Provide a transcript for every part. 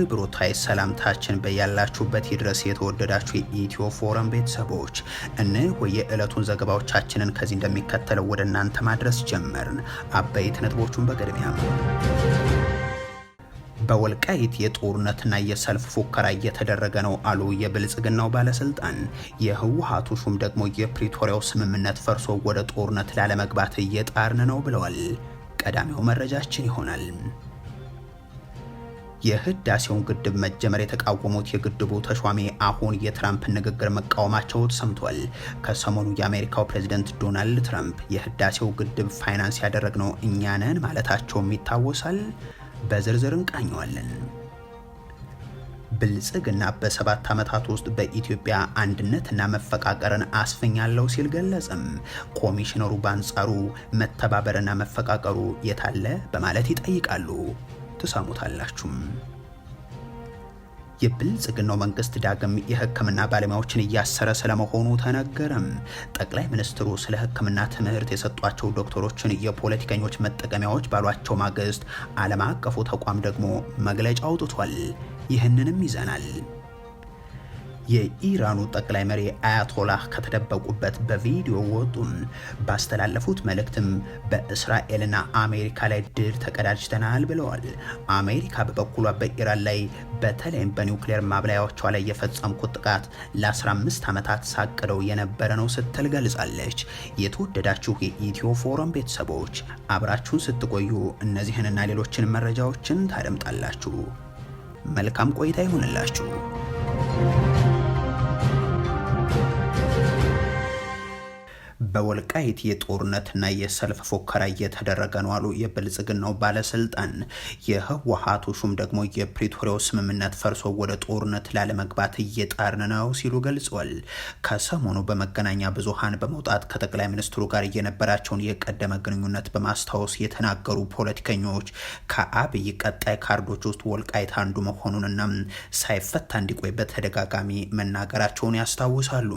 አክብሮታይ ሰላምታችን በያላችሁበት ይድረስ። የተወደዳችሁ የኢትዮ ፎረም ቤተሰቦች እነሆ የዕለቱን ዘገባዎቻችንን ከዚህ እንደሚከተለው ወደ እናንተ ማድረስ ጀመርን። አበይት ነጥቦቹን በቅድሚያ በወልቃይት የጦርነትና የሰልፍ ፉከራ እየተደረገ ነው አሉ የብልጽግናው ባለስልጣን። የህወሓቱ ሹም ደግሞ የፕሪቶሪያው ስምምነት ፈርሶ ወደ ጦርነት ላለመግባት እየጣርን ነው ብለዋል። ቀዳሚው መረጃችን ይሆናል። የህዳሴውን ግድብ መጀመር የተቃወሙት የግድቡ ተሿሚ አሁን የትራምፕ ንግግር መቃወማቸው ተሰምቷል። ከሰሞኑ የአሜሪካው ፕሬዝደንት ዶናልድ ትራምፕ የህዳሴው ግድብ ፋይናንስ ያደረግነው እኛ ነን ማለታቸውም ይታወሳል። በዝርዝር እንቃኘዋለን። ብልጽግና በሰባት ዓመታት ውስጥ በኢትዮጵያ አንድነትና መፈቃቀርን አስፈኛለው ሲል ገለጽም። ኮሚሽነሩ በአንጻሩ መተባበርና መፈቃቀሩ የታለ በማለት ይጠይቃሉ። ትሰሙታላችሁም። የብልጽግናው መንግስት ዳግም የህክምና ባለሙያዎችን እያሰረ ስለመሆኑ ተነገረም። ጠቅላይ ሚኒስትሩ ስለ ህክምና ትምህርት የሰጧቸው ዶክተሮችን የፖለቲከኞች መጠቀሚያዎች ባሏቸው ማግስት ዓለም አቀፉ ተቋም ደግሞ መግለጫ አውጥቷል። ይህንንም ይዘናል። የኢራኑ ጠቅላይ መሪ አያቶላህ ከተደበቁበት በቪዲዮ ወጡን ባስተላለፉት መልእክትም በእስራኤልና አሜሪካ ላይ ድል ተቀዳጅተናል ብለዋል። አሜሪካ በበኩሏ በኢራን ላይ በተለይም በኒውክሌር ማብላያዎቿ ላይ የፈጸምኩት ጥቃት ለ15 ዓመታት ሳቅደው የነበረ ነው ስትል ገልጻለች። የተወደዳችሁ የኢትዮ ፎረም ቤተሰቦች አብራችሁን ስትቆዩ እነዚህንና ሌሎችን መረጃዎችን ታደምጣላችሁ። መልካም ቆይታ ይሁንላችሁ። በወልቃይት የጦርነትና የሰልፍ ፎከራ እየተደረገ ነው አሉ የብልጽግናው ባለስልጣን። የህወሀቱ ሹም ደግሞ የፕሪቶሪያው ስምምነት ፈርሶ ወደ ጦርነት ላለመግባት እየጣርን ነው ሲሉ ገልጿል። ከሰሞኑ በመገናኛ ብዙሃን በመውጣት ከጠቅላይ ሚኒስትሩ ጋር የነበራቸውን የቀደመ ግንኙነት በማስታወስ የተናገሩ ፖለቲከኞች ከአብይ ቀጣይ ካርዶች ውስጥ ወልቃይት አንዱ መሆኑንና ሳይፈታ እንዲቆይ በተደጋጋሚ መናገራቸውን ያስታውሳሉ።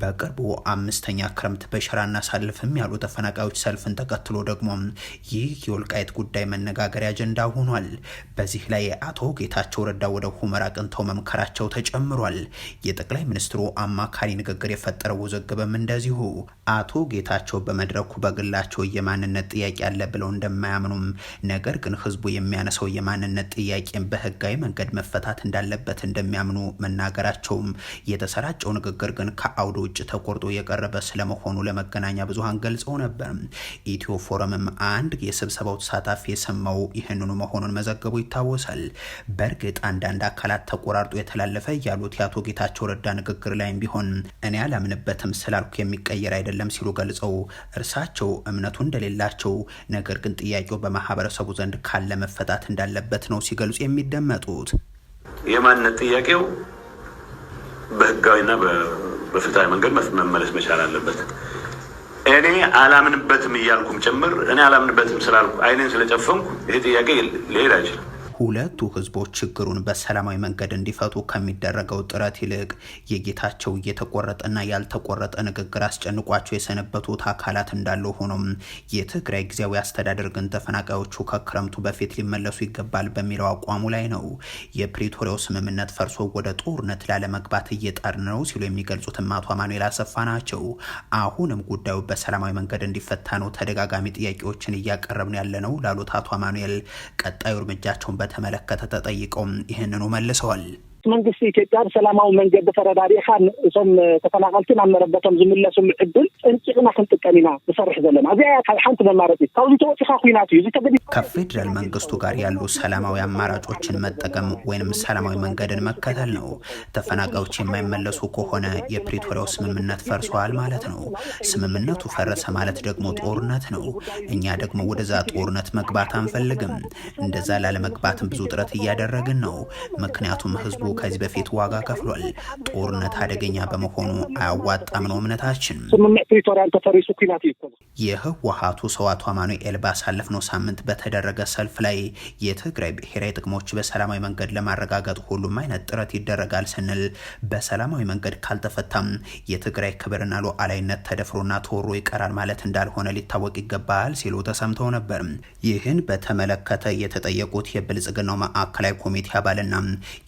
በቅርቡ አምስተኛ ክረምት በ በሸራ እናሳልፍም ያሉ ተፈናቃዮች ሰልፍን ተከትሎ ደግሞ ይህ የወልቃይት ጉዳይ መነጋገሪያ አጀንዳ ሆኗል። በዚህ ላይ አቶ ጌታቸው ረዳ ወደ ሁመራ ቅንተው መምከራቸው ተጨምሯል። የጠቅላይ ሚኒስትሩ አማካሪ ንግግር የፈጠረው ውዝግብም እንደዚሁ አቶ ጌታቸው በመድረኩ በግላቸው የማንነት ጥያቄ አለ ብለው እንደማያምኑም ነገር ግን ህዝቡ የሚያነሳው የማንነት ጥያቄ በህጋዊ መንገድ መፈታት እንዳለበት እንደሚያምኑ መናገራቸውም የተሰራጨው ንግግር ግን ከአውደ ውጭ ተቆርጦ የቀረበ ስለመሆኑ ለመገናኛ ብዙሃን ገልጸው ነበር። ኢትዮ ፎረምም አንድ የስብሰባው ተሳታፊ የሰማው ይህንኑ መሆኑን መዘገቡ ይታወሳል። በእርግጥ አንዳንድ አካላት ተቆራርጦ የተላለፈ ያሉት የአቶ ጌታቸው ረዳ ንግግር ላይም ቢሆን እኔ አላምንበትም ስላልኩ የሚቀየር አይደለም ሲሉ ገልጸው እርሳቸው እምነቱ እንደሌላቸው ነገር ግን ጥያቄው በማህበረሰቡ ዘንድ ካለ መፈታት እንዳለበት ነው ሲገልጹ የሚደመጡት። የማንነት ጥያቄው በህጋዊና በፍትሐዊ መንገድ መመለስ መቻል አለበት። እኔ አላምንበትም እያልኩም ጭምር እኔ አላምንበትም ስላልኩ አይኔን ስለጨፈንኩ ይሄ ጥያቄ ሊሄድ አይችልም። ሁለቱ ህዝቦች ችግሩን በሰላማዊ መንገድ እንዲፈቱ ከሚደረገው ጥረት ይልቅ የጌታቸው እየተቆረጠና ያልተቆረጠ ንግግር አስጨንቋቸው የሰነበቱት አካላት እንዳለ ሆኖም የትግራይ ጊዜያዊ አስተዳደር ግን ተፈናቃዮቹ ከክረምቱ በፊት ሊመለሱ ይገባል በሚለው አቋሙ ላይ ነው። የፕሪቶሪያው ስምምነት ፈርሶ ወደ ጦርነት ላለመግባት እየጣር ነው ሲሉ የሚገልጹትም አቶ አማኑኤል አሰፋ ናቸው። አሁንም ጉዳዩ በሰላማዊ መንገድ እንዲፈታ ነው ተደጋጋሚ ጥያቄዎችን እያቀረብን ያለ ነው ላሉት አቶ አማኑኤል ቀጣዩ እርምጃቸውን በተመለከተ ተጠይቀው ይህንኑ መልሰዋል። መንግስቲ ኢትዮጵያ ብሰላማዊ መንገዲ ተረዳሪእካ እቶም ተፈናቀልቲ ናብ መረበቶም ዝምለሱሉ ዕድል ጥንቂቕና ክንጥቀም ኢና ንሰርሕ ዘለና እዚ ያ ካብ ሓንቲ መማረፂት ካብዚ ተወፂካ ኩናት እዩ ካብ ፌደራል መንግስቱ ጋር ያሉ ሰላማዊ ኣማራጮችን መጠቀም ወይም ሰላማዊ መንገድን መከተል ነው። ተፈናቃዮች የማይመለሱ ከሆነ የፕሪቶሪያው ስምምነት ፈርሰዋል ማለት ነው። ስምምነቱ ፈረሰ ማለት ደግሞ ጦርነት ነው። እኛ ደግሞ ወደዛ ጦርነት መግባት አንፈልግም። እንደዛ ላለመግባትም ብዙ ጥረት እያደረግን ነው። ምክንያቱም ህዝቡ ከዚህ በፊት ዋጋ ከፍሏል። ጦርነት አደገኛ በመሆኑ አያዋጣም ነው እምነታችን። የህወሀቱ ሰው አቶ አማኑኤል ባሳለፍነው ሳምንት በተደረገ ሰልፍ ላይ የትግራይ ብሔራዊ ጥቅሞች በሰላማዊ መንገድ ለማረጋገጥ ሁሉም አይነት ጥረት ይደረጋል ስንል በሰላማዊ መንገድ ካልተፈታም የትግራይ ክብርና ሉዓላዊነት ተደፍሮና ተወሮ ይቀራል ማለት እንዳልሆነ ሊታወቅ ይገባል ሲሉ ተሰምተው ነበር። ይህን በተመለከተ የተጠየቁት የብልጽግናው ማዕከላዊ ኮሚቴ አባልና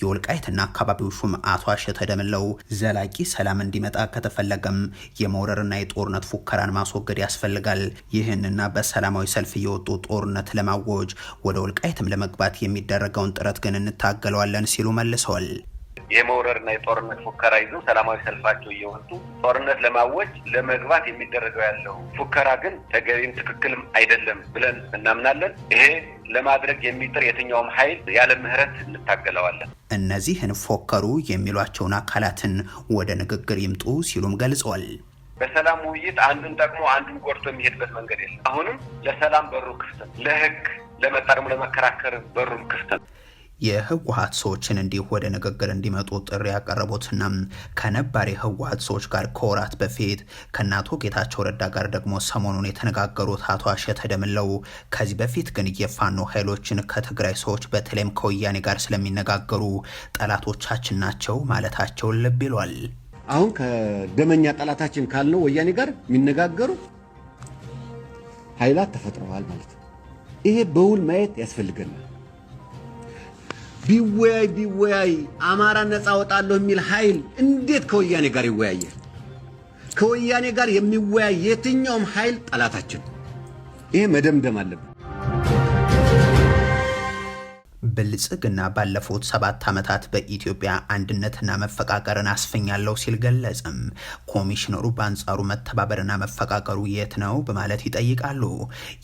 የወልቃይትና እና አካባቢው ሹም አቶ አሸተ ደምለው ዘላቂ ሰላም እንዲመጣ ከተፈለገም የመውረርና የጦርነት ፉከራን ማስወገድ ያስፈልጋል። ይህንና በሰላማዊ ሰልፍ እየወጡ ጦርነት ለማወጅ ወደ ወልቃይትም ለመግባት የሚደረገውን ጥረት ግን እንታገለዋለን ሲሉ መልሰዋል። የመውረርና የጦርነት ፉከራ ይዘው ሰላማዊ ሰልፋቸው እየወጡ ጦርነት ለማወጅ ለመግባት የሚደረገው ያለው ፉከራ ግን ተገቢም ትክክልም አይደለም ብለን እናምናለን። ይሄ ለማድረግ የሚጥር የትኛውም ኃይል ያለ ምህረት እንታገለዋለን። እነዚህን ፎከሩ የሚሏቸውን አካላትን ወደ ንግግር ይምጡ ሲሉም ገልጸዋል። በሰላም ውይይት አንዱን ጠቅሞ አንዱን ጎድቶ የሚሄድበት መንገድ የለም። አሁንም ለሰላም በሩ ክፍት ነው። ለህግ ለመጣረሙ ለመከራከር በሩም ክፍት ነው። የህወሀት ሰዎችን እንዲህ ወደ ንግግር እንዲመጡ ጥሪ ያቀረቡትና ከነባር የህወሀት ሰዎች ጋር ከወራት በፊት ከእናቶ ጌታቸው ረዳ ጋር ደግሞ ሰሞኑን የተነጋገሩት አቶ አሸተ ደምለው ከዚህ በፊት ግን የፋኖ ኃይሎችን ከትግራይ ሰዎች በተለይም ከወያኔ ጋር ስለሚነጋገሩ ጠላቶቻችን ናቸው ማለታቸውን ልብ ይሏል። አሁን ከደመኛ ጠላታችን ካልነው ወያኔ ጋር የሚነጋገሩ ኃይላት ተፈጥረዋል ማለት ነው። ይሄ በውል ማየት ያስፈልገናል። ቢወያይ ቢወያይ አማራ ነፃ ወጣለሁ የሚል ኃይል እንዴት ከወያኔ ጋር ይወያያል? ከወያኔ ጋር የሚወያይ የትኛውም ኃይል ጠላታችን። ይሄ መደምደም አለብን። ብልጽግና ባለፉት ሰባት ዓመታት በኢትዮጵያ አንድነትና መፈቃቀርን አስፈኛለሁ ሲል ገለጽም። ኮሚሽነሩ በአንጻሩ መተባበርና መፈቃቀሩ የት ነው በማለት ይጠይቃሉ።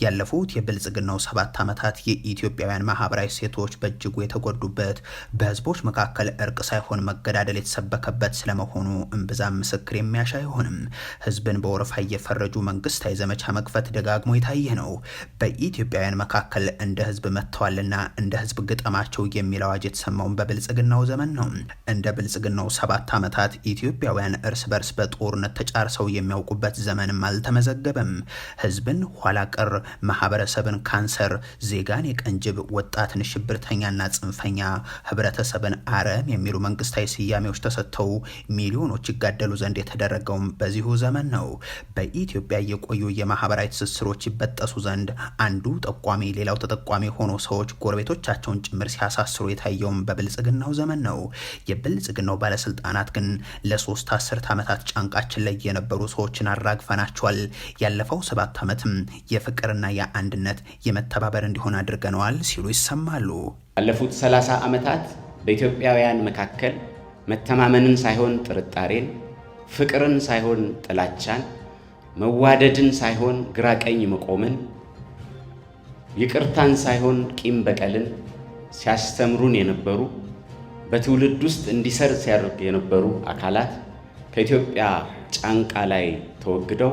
ያለፉት የብልጽግናው ሰባት ዓመታት የኢትዮጵያውያን ማህበራዊ ሴቶች በእጅጉ የተጎዱበት፣ በህዝቦች መካከል እርቅ ሳይሆን መገዳደል የተሰበከበት ስለመሆኑ እምብዛም ምስክር የሚያሻ አይሆንም። ህዝብን በወረፋ እየፈረጁ መንግስታዊ ዘመቻ መክፈት ደጋግሞ የታየ ነው። በኢትዮጵያውያን መካከል እንደ ህዝብ መጥተዋልና እንደ ህዝብ ግጥ ገጠማቸው የሚል አዋጅ የተሰማውን በብልጽግናው ዘመን ነው። እንደ ብልጽግናው ሰባት ዓመታት ኢትዮጵያውያን እርስ በርስ በጦርነት ተጫርሰው የሚያውቁበት ዘመንም አልተመዘገበም። ህዝብን ኋላ ቀር፣ ማህበረሰብን ካንሰር፣ ዜጋን የቀንጅብ፣ ወጣትን ሽብርተኛና ጽንፈኛ፣ ህብረተሰብን አረም የሚሉ መንግስታዊ ስያሜዎች ተሰጥተው ሚሊዮኖች ይጋደሉ ዘንድ የተደረገውም በዚሁ ዘመን ነው። በኢትዮጵያ የቆዩ የማህበራዊ ትስስሮች ይበጠሱ ዘንድ አንዱ ጠቋሚ ሌላው ተጠቋሚ ሆኖ ሰዎች ጎረቤቶቻቸውን ጭምር ሲያሳስሩ የታየውም በብልጽግናው ዘመን ነው። የብልጽግናው ባለስልጣናት ግን ለሶስት አስርት ዓመታት ጫንቃችን ላይ የነበሩ ሰዎችን አራግፈናቸዋል። ያለፈው ሰባት ዓመትም የፍቅርና የአንድነት የመተባበር እንዲሆን አድርገነዋል ሲሉ ይሰማሉ። ያለፉት ሰላሳ ዓመታት በኢትዮጵያውያን መካከል መተማመንን ሳይሆን ጥርጣሬን፣ ፍቅርን ሳይሆን ጥላቻን፣ መዋደድን ሳይሆን ግራ ቀኝ መቆምን፣ ይቅርታን ሳይሆን ቂም በቀልን ሲያስተምሩን የነበሩ በትውልድ ውስጥ እንዲሰር ሲያደርግ የነበሩ አካላት ከኢትዮጵያ ጫንቃ ላይ ተወግደው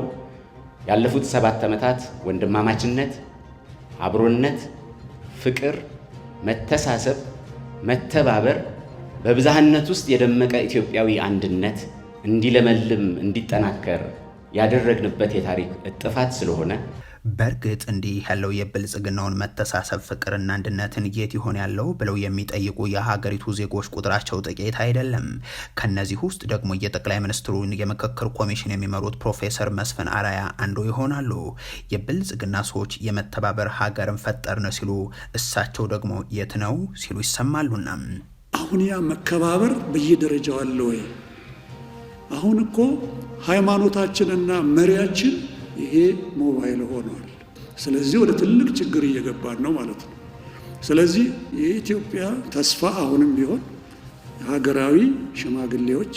ያለፉት ሰባት ዓመታት ወንድማማችነት፣ አብሮነት፣ ፍቅር፣ መተሳሰብ፣ መተባበር በብዝሃነት ውስጥ የደመቀ ኢትዮጵያዊ አንድነት እንዲለመልም እንዲጠናከር ያደረግንበት የታሪክ እጥፋት ስለሆነ በእርግጥ እንዲህ ያለው የብልጽግናውን መተሳሰብ ፍቅርና አንድነትን የት ይሆን ያለው ብለው የሚጠይቁ የሀገሪቱ ዜጎች ቁጥራቸው ጥቂት አይደለም። ከነዚህ ውስጥ ደግሞ የጠቅላይ ሚኒስትሩን የምክክር ኮሚሽን የሚመሩት ፕሮፌሰር መስፍን አራያ አንዱ ይሆናሉ። የብልጽግና ሰዎች የመተባበር ሀገርን ፈጠርን ሲሉ እሳቸው ደግሞ የት ነው ሲሉ ይሰማሉና አሁን ያ መከባበር በየደረጃው አለ ወይ? አሁን እኮ ሃይማኖታችንና መሪያችን ይሄ ሞባይል ሆኗል። ስለዚህ ወደ ትልቅ ችግር እየገባን ነው ማለት ነው። ስለዚህ የኢትዮጵያ ተስፋ አሁንም ቢሆን ሀገራዊ ሽማግሌዎች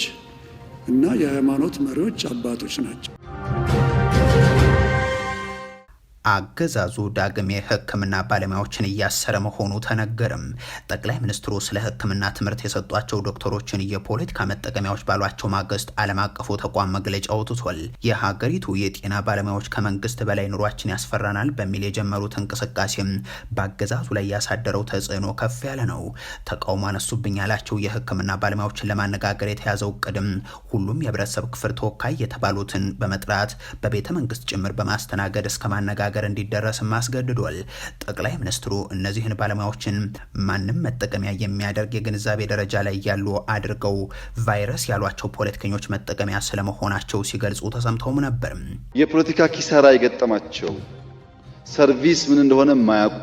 እና የሃይማኖት መሪዎች አባቶች ናቸው። አገዛዙ ዳግም የህክምና ባለሙያዎችን እያሰረ መሆኑ ተነገርም። ጠቅላይ ሚኒስትሩ ስለ ህክምና ትምህርት የሰጧቸው ዶክተሮችን የፖለቲካ መጠቀሚያዎች ባሏቸው ማግስት ዓለም አቀፉ ተቋም መግለጫ አውጥቷል። የሀገሪቱ የጤና ባለሙያዎች ከመንግስት በላይ ኑሯችን ያስፈራናል በሚል የጀመሩት እንቅስቃሴም በአገዛዙ ላይ ያሳደረው ተጽዕኖ ከፍ ያለ ነው። ተቃውሞ አነሱብኝ ያላቸው የህክምና ባለሙያዎችን ለማነጋገር የተያዘው እቅድም ሁሉም የህብረተሰብ ክፍል ተወካይ የተባሉትን በመጥራት በቤተ መንግስት ጭምር በማስተናገድ እስከ ማነጋገር ሀገር እንዲደረስም አስገድዷል። ጠቅላይ ሚኒስትሩ እነዚህን ባለሙያዎችን ማንም መጠቀሚያ የሚያደርግ የግንዛቤ ደረጃ ላይ ያሉ አድርገው ቫይረስ ያሏቸው ፖለቲከኞች መጠቀሚያ ስለመሆናቸው ሲገልጹ ተሰምተውም ነበር። የፖለቲካ ኪሳራ የገጠማቸው ሰርቪስ ምን እንደሆነ የማያውቁ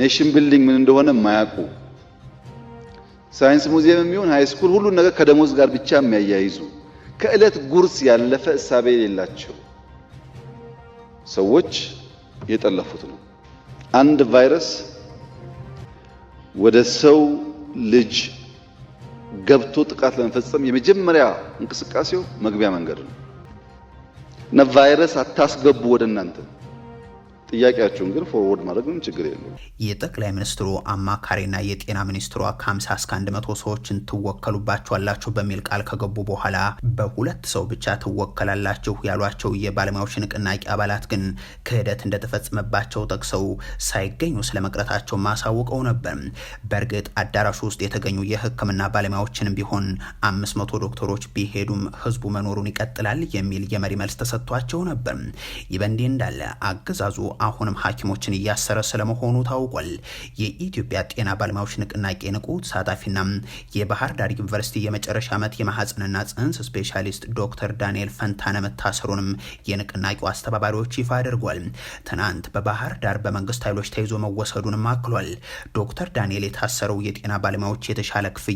ኔሽን ቢልዲንግ ምን እንደሆነ የማያውቁ ሳይንስ ሙዚየም የሚሆን ሃይስኩል ሁሉን ነገር ከደሞዝ ጋር ብቻ የሚያያይዙ ከእለት ጉርስ ያለፈ እሳቤ የሌላቸው ሰዎች የጠለፉት ነው። አንድ ቫይረስ ወደ ሰው ልጅ ገብቶ ጥቃት ለመፈጸም የመጀመሪያ እንቅስቃሴው መግቢያ መንገድ ነው እና ቫይረስ አታስገቡ ወደ እናንተ ጥያቄያችሁን ግን ፎርወርድ ማድረግ ምን ችግር የለም። የጠቅላይ ሚኒስትሩ አማካሪና የጤና ሚኒስትሯ ከ50 እስከ 100 ሰዎችን ትወከሉባቸዋላችሁ በሚል ቃል ከገቡ በኋላ በሁለት ሰው ብቻ ትወከላላችሁ ያሏቸው የባለሙያዎች ንቅናቄ አባላት ግን ክህደት እንደተፈጸመባቸው ጠቅሰው ሳይገኙ ስለመቅረታቸው ማሳውቀው ነበር። በእርግጥ አዳራሹ ውስጥ የተገኙ የሕክምና ባለሙያዎችንም ቢሆን 500 ዶክተሮች ቢሄዱም ህዝቡ መኖሩን ይቀጥላል የሚል የመሪ መልስ ተሰጥቷቸው ነበር። ይህ በእንዲህ እንዳለ አገዛዙ አሁንም ሐኪሞችን እያሰረ ስለመሆኑ ታውቋል። የኢትዮጵያ ጤና ባለሙያዎች ንቅናቄ ንቁ ተሳታፊና የባህር ዳር ዩኒቨርሲቲ የመጨረሻ ዓመት የማህፀንና ጽንስ ስፔሻሊስት ዶክተር ዳንኤል ፈንታነ መታሰሩንም የንቅናቄው አስተባባሪዎች ይፋ አድርጓል። ትናንት በባህር ዳር በመንግስት ኃይሎች ተይዞ መወሰዱንም አክሏል። ዶክተር ዳንኤል የታሰረው የጤና ባለሙያዎች የተሻለ ክፍያ፣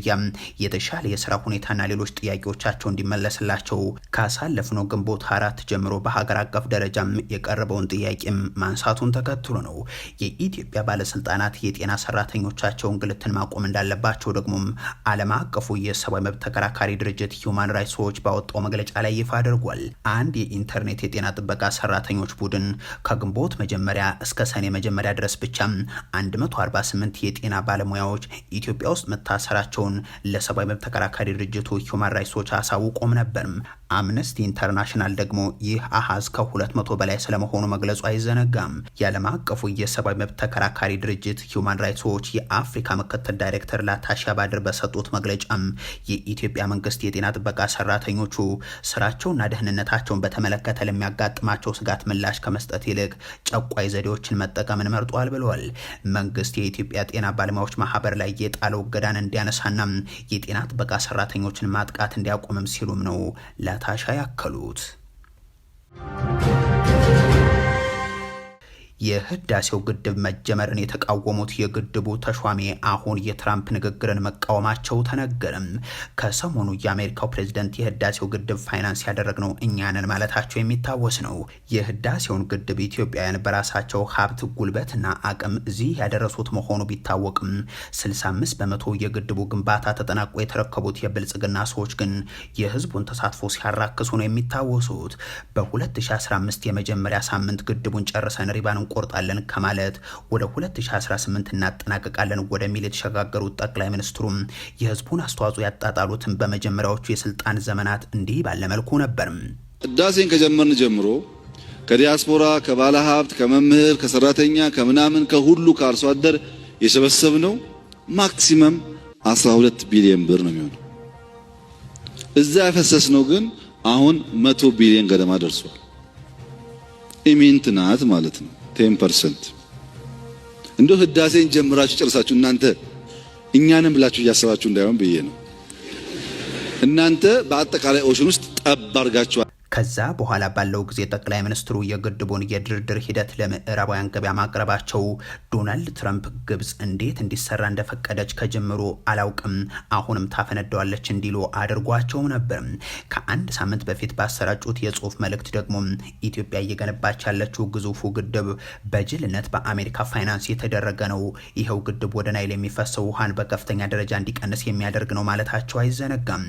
የተሻለ የስራ ሁኔታና ሌሎች ጥያቄዎቻቸው እንዲመለስላቸው ካሳለፍነው ግንቦት አራት ጀምሮ በሀገር አቀፍ ደረጃም የቀረበውን ጥያቄም ማንሳቱን ተከትሎ ነው። የኢትዮጵያ ባለስልጣናት የጤና ሰራተኞቻቸውን ግልትን ማቆም እንዳለባቸው ደግሞም ዓለም አቀፉ የሰብአዊ መብት ተከራካሪ ድርጅት ሂውማን ራይትስ ዎች ባወጣው መግለጫ ላይ ይፋ አድርጓል። አንድ የኢንተርኔት የጤና ጥበቃ ሰራተኞች ቡድን ከግንቦት መጀመሪያ እስከ ሰኔ መጀመሪያ ድረስ ብቻ 148 የጤና ባለሙያዎች ኢትዮጵያ ውስጥ መታሰራቸውን ለሰብአዊ መብት ተከራካሪ ድርጅቱ ሂውማን ራይትስ ዎች አሳውቆም ነበርም። አምነስቲ ኢንተርናሽናል ደግሞ ይህ አሃዝ ከ200 በላይ ስለመሆኑ መግለጹ አይዘነጋም። ኬንያም የዓለም አቀፉ የሰብአዊ መብት ተከራካሪ ድርጅት ሂውማን ራይትስ ዎች የአፍሪካ ምክትል ዳይሬክተር ላታሻ ባድር በሰጡት መግለጫም የኢትዮጵያ መንግስት የጤና ጥበቃ ሰራተኞቹ ስራቸውና ደህንነታቸውን በተመለከተ ለሚያጋጥማቸው ስጋት ምላሽ ከመስጠት ይልቅ ጨቋይ ዘዴዎችን መጠቀምን መርጧል ብለዋል። መንግስት የኢትዮጵያ ጤና ባለሙያዎች ማህበር ላይ የጣለው እገዳን እንዲያነሳና የጤና ጥበቃ ሰራተኞችን ማጥቃት እንዲያቆምም ሲሉም ነው ላታሻ ያከሉት። የህዳሴው ግድብ መጀመርን የተቃወሙት የግድቡ ተሿሚ አሁን የትራምፕ ንግግርን መቃወማቸው ተነገረም። ከሰሞኑ የአሜሪካው ፕሬዝደንት የህዳሴው ግድብ ፋይናንስ ያደረግነው እኛንን ማለታቸው የሚታወስ ነው። የህዳሴውን ግድብ ኢትዮጵያውያን በራሳቸው ሀብት ጉልበትና አቅም እዚህ ያደረሱት መሆኑ ቢታወቅም 65 በመቶ የግድቡ ግንባታ ተጠናቆ የተረከቡት የብልጽግና ሰዎች ግን የህዝቡን ተሳትፎ ሲያራክሱ ነው የሚታወሱት። በ2015 የመጀመሪያ ሳምንት ግድቡን ጨርሰን ሪባን እንቆርጣለን ከማለት ወደ 2018 እናጠናቀቃለን ወደሚል የተሸጋገሩት ጠቅላይ ሚኒስትሩም የህዝቡን አስተዋጽኦ ያጣጣሉትን በመጀመሪያዎቹ የስልጣን ዘመናት እንዲህ ባለመልኩ ነበር። ህዳሴን ከጀመርን ጀምሮ ከዲያስፖራ ከባለ ሀብት ከመምህር ከሰራተኛ ከምናምን ከሁሉ ከአርሶ አደር የሰበሰብ ነው ማክሲመም 12 ቢሊዮን ብር ነው የሚሆነው። እዛ ያፈሰስ ነው ግን አሁን 100 ቢሊዮን ገደማ ደርሷል። ኢሚንት ናት ማለት ነው። ቴን ፐርሰንት እንደው ህዳሴን ጀምራችሁ ጨርሳችሁ እናንተ እኛንም ብላችሁ እያሰባችሁ እንዳይሆን ብዬ ነው። እናንተ በአጠቃላይ ኦሽን ውስጥ ጠብ አድርጋችኋል። ከዛ በኋላ ባለው ጊዜ ጠቅላይ ሚኒስትሩ የግድቡን የድርድር ሂደት ለምዕራባውያን ገበያ ማቅረባቸው ዶናልድ ትራምፕ ግብጽ እንዴት እንዲሰራ እንደፈቀደች ከጀምሮ አላውቅም፣ አሁንም ታፈነደዋለች እንዲሉ አድርጓቸው ነበር። ከአንድ ሳምንት በፊት ባሰራጩት የጽሁፍ መልእክት ደግሞ ኢትዮጵያ እየገነባች ያለችው ግዙፉ ግድብ በጅልነት በአሜሪካ ፋይናንስ የተደረገ ነው፣ ይኸው ግድብ ወደ ናይል የሚፈሰው ውሃን በከፍተኛ ደረጃ እንዲቀንስ የሚያደርግ ነው ማለታቸው አይዘነጋም።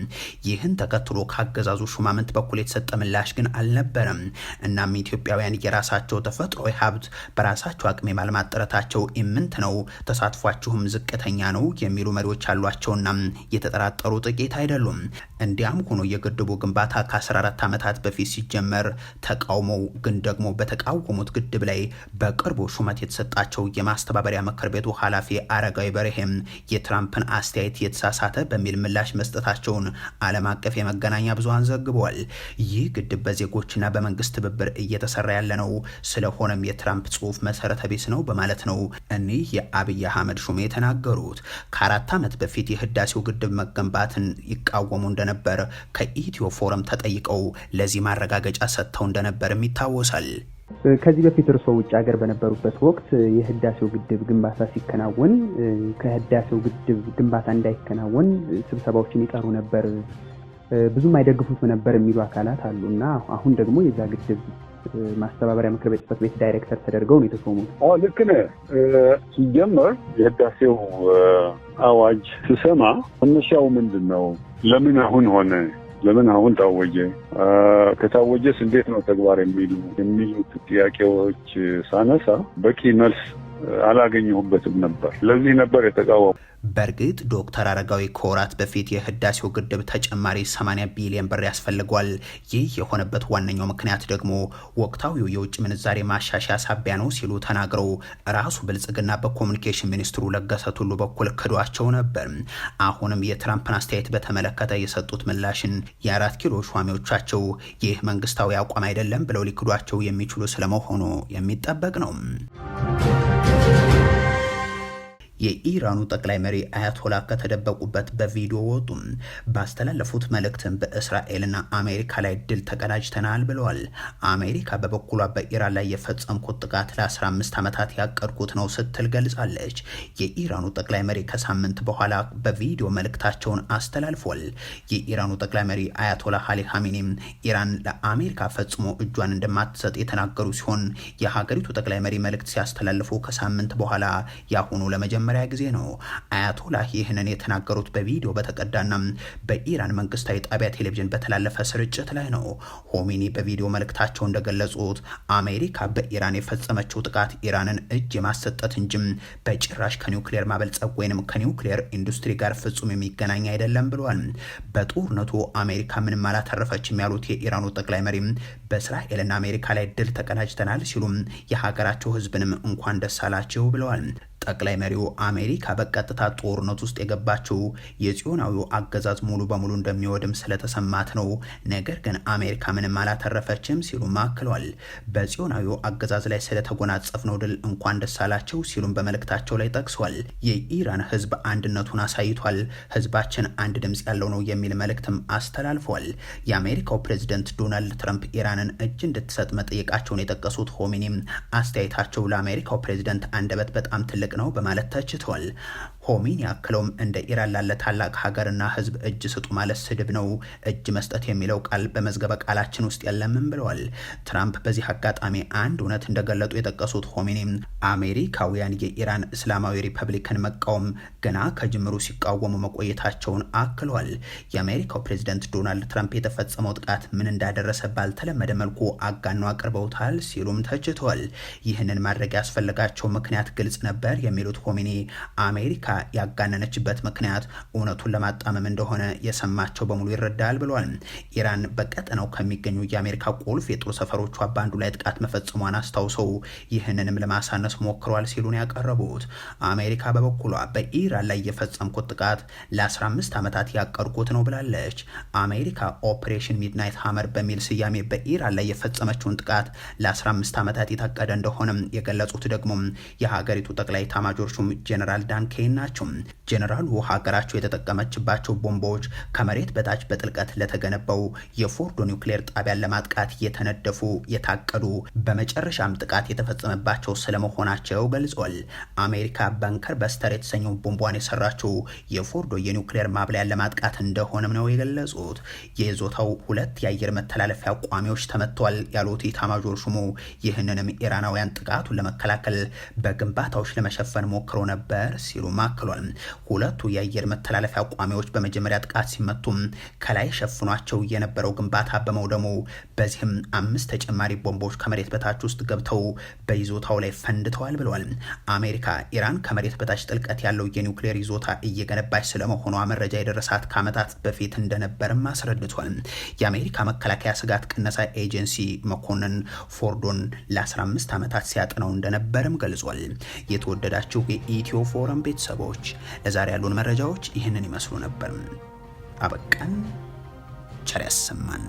ይህን ተከትሎ ከአገዛዙ ሹማምንት በኩል የተሰጠ ምላሽ ግን አልነበረም። እናም ኢትዮጵያውያን የራሳቸው ተፈጥሮ ሀብት በራሳቸው አቅም የማልማት ጥረታቸው ኢምንት ነው፣ ተሳትፏችሁም ዝቅተኛ ነው የሚሉ መሪዎች አሏቸውና የተጠራጠሩ ጥቂት አይደሉም። እንዲያም ሆኖ የግድቡ ግንባታ ከ14 ዓመታት በፊት ሲጀመር ተቃውሞው ግን ደግሞ በተቃወሙት ግድብ ላይ በቅርቡ ሹመት የተሰጣቸው የማስተባበሪያ ምክር ቤቱ ኃላፊ አረጋዊ በርሄም የትራምፕን አስተያየት የተሳሳተ በሚል ምላሽ መስጠታቸውን ዓለም አቀፍ የመገናኛ ብዙሃን ዘግበዋል። ይህ ግድብ በዜጎችና በመንግስት ትብብር እየተሰራ ያለ ነው። ስለሆነም የትራምፕ ጽሁፍ መሰረተ ቢስ ነው በማለት ነው እኒህ የአብይ አህመድ ሹሜ የተናገሩት። ከአራት ዓመት በፊት የህዳሴው ግድብ መገንባትን ይቃወሙ እንደነበር ከኢትዮ ፎረም ተጠይቀው ለዚህ ማረጋገጫ ሰጥተው እንደነበርም ይታወሳል። ከዚህ በፊት እርስዎ ውጭ ሀገር በነበሩበት ወቅት የህዳሴው ግድብ ግንባታ ሲከናወን ከህዳሴው ግድብ ግንባታ እንዳይከናወን ስብሰባዎችን ይጠሩ ነበር ብዙም አይደግፉትም ነበር የሚሉ አካላት አሉ እና አሁን ደግሞ የዛ ግድብ ማስተባበሪያ ምክር ቤት ጽፈት ቤት ዳይሬክተር ተደርገው ነው የተሾሙት። ልክ ነህ። ሲጀመር የህዳሴው አዋጅ ስሰማ መነሻው ምንድን ነው? ለምን አሁን ሆነ ለምን አሁን ታወጀ? ከታወጀስ እንዴት ነው ተግባር የሚሉ የሚሉት ጥያቄዎች ሳነሳ በቂ መልስ አላገኘሁበትም ነበር። ለዚህ ነበር የተቃወሙ። በእርግጥ ዶክተር አረጋዊ ከወራት በፊት የህዳሴው ግድብ ተጨማሪ 80 ቢሊዮን ብር ያስፈልጓል። ይህ የሆነበት ዋነኛው ምክንያት ደግሞ ወቅታዊው የውጭ ምንዛሬ ማሻሻያ ሳቢያ ነው ሲሉ ተናግረው ራሱ ብልጽግና በኮሚኒኬሽን ሚኒስትሩ ለገሰ ቱሉ በኩል ክዷቸው ነበር። አሁንም የትራምፕን አስተያየት በተመለከተ የሰጡት ምላሽን የአራት ኪሎ ሿሚዎቻቸው ይህ መንግስታዊ አቋም አይደለም ብለው ሊክዷቸው የሚችሉ ስለመሆኑ የሚጠበቅ ነው። የኢራኑ ጠቅላይ መሪ አያቶላ ከተደበቁበት በቪዲዮ ወጡ። ባስተላለፉት መልእክትም በእስራኤልና አሜሪካ ላይ ድል ተቀዳጅተናል ብለዋል። አሜሪካ በበኩሏ በኢራን ላይ የፈጸምኩት ጥቃት ለ15 ዓመታት ያቀድኩት ነው ስትል ገልጻለች። የኢራኑ ጠቅላይ መሪ ከሳምንት በኋላ በቪዲዮ መልእክታቸውን አስተላልፏል። የኢራኑ ጠቅላይ መሪ አያቶላ ሀሊ ሀሚኒም ኢራን ለአሜሪካ ፈጽሞ እጇን እንደማትሰጥ የተናገሩ ሲሆን የሀገሪቱ ጠቅላይ መሪ መልእክት ሲያስተላልፉ ከሳምንት በኋላ ያሁኑ ለመጀመሪያ ለመጀመሪያ ጊዜ ነው አያቶላህ ይህንን የተናገሩት በቪዲዮ በተቀዳና በኢራን መንግስታዊ ጣቢያ ቴሌቪዥን በተላለፈ ስርጭት ላይ ነው። ሆሚኒ በቪዲዮ መልእክታቸው እንደገለጹት አሜሪካ በኢራን የፈጸመችው ጥቃት ኢራንን እጅ የማሰጠት እንጂ በጭራሽ ከኒውክሌር ማበልጸግ ወይንም ከኒውክሌር ኢንዱስትሪ ጋር ፍጹም የሚገናኝ አይደለም ብሏል። በጦርነቱ አሜሪካ ምንም አላተረፈችም ያሉት የኢራኑ ጠቅላይ መሪ በእስራኤልና አሜሪካ ላይ ድል ተቀናጅተናል ሲሉም የሀገራቸው ህዝብንም እንኳን ደስ አላቸው ብለዋል። ጠቅላይ መሪው አሜሪካ በቀጥታ ጦርነት ውስጥ የገባችው የጽዮናዊው አገዛዝ ሙሉ በሙሉ እንደሚወድም ስለተሰማት ነው። ነገር ግን አሜሪካ ምንም አላተረፈችም ሲሉም አክሏል። በጽዮናዊው አገዛዝ ላይ ነው ድል እንኳን ደስ አላቸው ሲሉም በመልእክታቸው ላይ ጠቅሷል። የኢራን ህዝብ አንድነቱን አሳይቷል። ህዝባችን አንድ ድምፅ ያለው ነው የሚል መልእክትም አስተላልፏል። የአሜሪካው ፕሬዚደንት ዶናልድ ትራምፕ ኢራንን እጅ እንድትሰጥ መጠየቃቸውን የጠቀሱት ሆሚኒም አስተያየታቸው ለአሜሪካው ፕሬዚደንት አንደበት በጣም ትልቅ ነው በማለት ተችቷል። ሆሚን ያክለውም እንደ ኢራን ላለ ታላቅ ሀገርና ህዝብ እጅ ስጡ ማለት ስድብ ነው፣ እጅ መስጠት የሚለው ቃል በመዝገበ ቃላችን ውስጥ የለምን ብለዋል። ትራምፕ በዚህ አጋጣሚ አንድ እውነት እንደገለጡ የጠቀሱት ሆሜኒ አሜሪካውያን የኢራን እስላማዊ ሪፐብሊክን መቃወም ገና ከጅምሩ ሲቃወሙ መቆየታቸውን አክለዋል። የአሜሪካው ፕሬዚደንት ዶናልድ ትራምፕ የተፈጸመው ጥቃት ምን እንዳደረሰ ባልተለመደ መልኩ አጋኖ አቅርበውታል ሲሉም ተችተዋል። ይህንን ማድረግ ያስፈልጋቸው ምክንያት ግልጽ ነበር የሚሉት ሆሚኒ አሜሪካ ያጋነነችበት ምክንያት እውነቱን ለማጣመም እንደሆነ የሰማቸው በሙሉ ይረዳል ብሏል። ኢራን በቀጠናው ከሚገኙ የአሜሪካ ቁልፍ የጦር ሰፈሮቿ በአንዱ ላይ ጥቃት መፈጸሟን አስታውሰው ይህንንም ለማሳነስ ሞክረዋል ሲሉን ያቀረቡት አሜሪካ በበኩሏ በኢራን ላይ የፈጸምኩት ጥቃት ለ15 ዓመታት ያቀድኩት ነው ብላለች። አሜሪካ ኦፕሬሽን ሚድናይት ሀመር በሚል ስያሜ በኢራን ላይ የፈጸመችውን ጥቃት ለ15 ዓመታት የታቀደ እንደሆነም የገለጹት ደግሞ የሀገሪቱ ጠቅላይ ኤታማዦር ሹም ጄኔራል ዳን ኬን ናቸው። ጄኔራሉ ሀገራቸው የተጠቀመችባቸው ቦምቦች ከመሬት በታች በጥልቀት ለተገነባው የፎርዶ ኒውክሌር ጣቢያን ለማጥቃት የተነደፉ የታቀዱ በመጨረሻም ጥቃት የተፈጸመባቸው ስለመሆናቸው ገልጿል። አሜሪካ በንከር በስተር የተሰኘው ቦምቧን የሰራችው የፎርዶ የኒውክሌር ማብለያን ለማጥቃት እንደሆነም ነው የገለጹት። የይዞታው ሁለት የአየር መተላለፊያ ቋሚዎች ተመትተዋል ያሉት ኢታማዦር ሹሙ ይህንንም ኢራናውያን ጥቃቱን ለመከላከል በግንባታዎች ለመሸፈን ሞክረው ነበር ሲሉ አክሏል። ሁለቱ የአየር መተላለፊያ ቋሚዎች በመጀመሪያ ጥቃት ሲመቱም ከላይ ሸፍኗቸው የነበረው ግንባታ በመውደሙ በዚህም አምስት ተጨማሪ ቦምቦች ከመሬት በታች ውስጥ ገብተው በይዞታው ላይ ፈንድተዋል ብለዋል። አሜሪካ ኢራን ከመሬት በታች ጥልቀት ያለው የኒውክሌር ይዞታ እየገነባች ስለመሆኗ መረጃ የደረሳት ከዓመታት በፊት እንደነበርም አስረድቷል። የአሜሪካ መከላከያ ስጋት ቅነሳ ኤጀንሲ መኮንን ፎርዶን ለ15 ዓመታት ሲያጥነው እንደነበርም ገልጿል። የተወደዳችሁ የኢትዮ ፎረም ቤተሰቦ ቤተሰቦች ለዛሬ ያሉን መረጃዎች ይህንን ይመስሉ ነበር። አበቃን። ቸር ያሰማን።